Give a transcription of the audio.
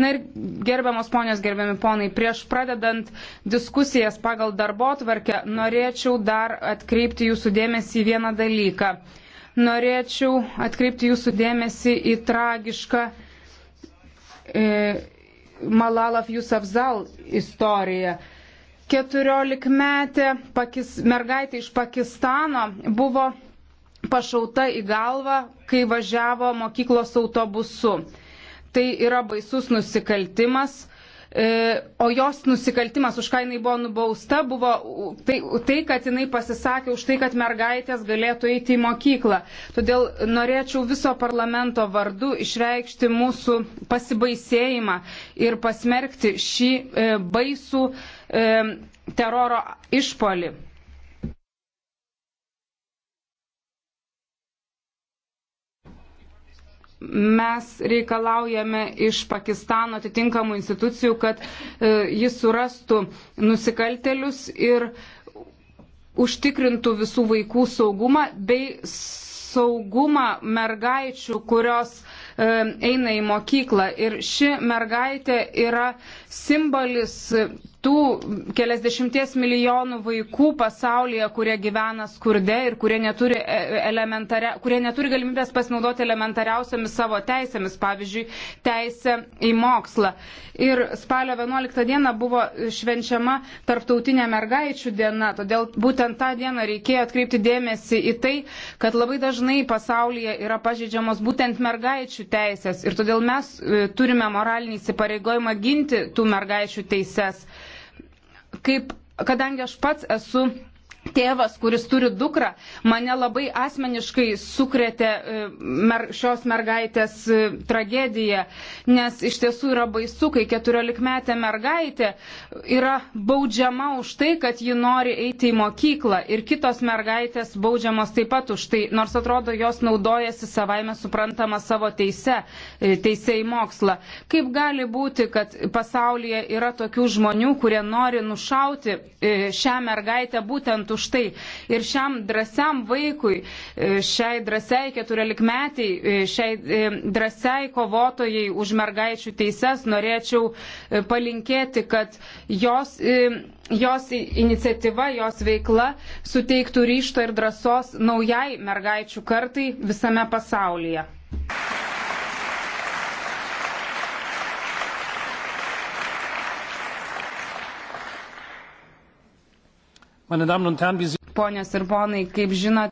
Na ir gerbiamos ponios, gerbiami ponai, prieš pradedant diskusijas pagal darbo tvarkę, norėčiau dar atkreipti jūsų dėmesį į vieną dalyką. Norėčiau atkreipti jūsų dėmesį į tragišką e, Malalav Jusafzal istoriją. 14 metė pakis, mergaitė iš Pakistano buvo pašauta į galvą, kai važiavo mokyklos autobusu tai yra baisus nusikaltimas. E, o jos nusikaltimas, už ką jinai buvo nubausta, buvo tai, tai, kad jinai pasisakė už tai, kad mergaitės galėtų eiti į mokyklą. Todėl norėčiau viso parlamento vardu išreikšti mūsų pasibaisėjimą ir pasmerkti šį e, baisų e, teroro išpolį. mes reikalaujame iš Pakistano atitinkamų institucijų, kad e, jis surastų nusikaltelius ir užtikrintų visų vaikų saugumą bei saugumą mergaičių, kurios e, eina į mokyklą. Ir ši mergaitė yra simbolis tų keliasdešimties milijonų vaikų pasaulyje, kurie gyvena skurde ir kurie neturi, e, e, kurie neturi galimybės pasinaudoti elementariausiamis savo teisėmis, pavyzdžiui, teisę į mokslą. Ir spalio 11 diena buvo švenčiama tarptautinė mergaičių diena, todėl būtent tą dieną reikėjo atkreipti dėmesį į tai, kad labai dažnai pasaulyje yra pažeidžiamos būtent mergaičių teisės ir todėl mes e, turime moralinį įsipareigojimą ginti tų mergaičių teises kaip, kadangi aš pats esu Tėvas, kuris turi dukrą, mane labai asmeniškai sukrėtė e, mer, šios mergaitės e, tragedija, nes iš tiesų yra baisu, kai 14-metė mergaitė yra baudžiama už tai, kad ji nori eiti į mokyklą ir kitos mergaitės baudžiamos taip pat už tai, nors atrodo jos naudojasi savaime suprantama savo teise, e, teise į mokslą. Kaip gali būti, kad pasaulyje yra tokių žmonių, kurie nori nušauti šią mergaitę būtent už už tai. Ir šiam drąsiam vaikui, e, šiai drąsiai keturiolikmetiai, e, šiai e, drąsiai kovotojai už mergaičių teises norėčiau palinkėti, kad jos, jos iniciatyva, jos veikla suteiktų ryšto ir drąsos naujai mergaičių kartai visame pasaulyje. Ponios ir ponai, kaip žinote,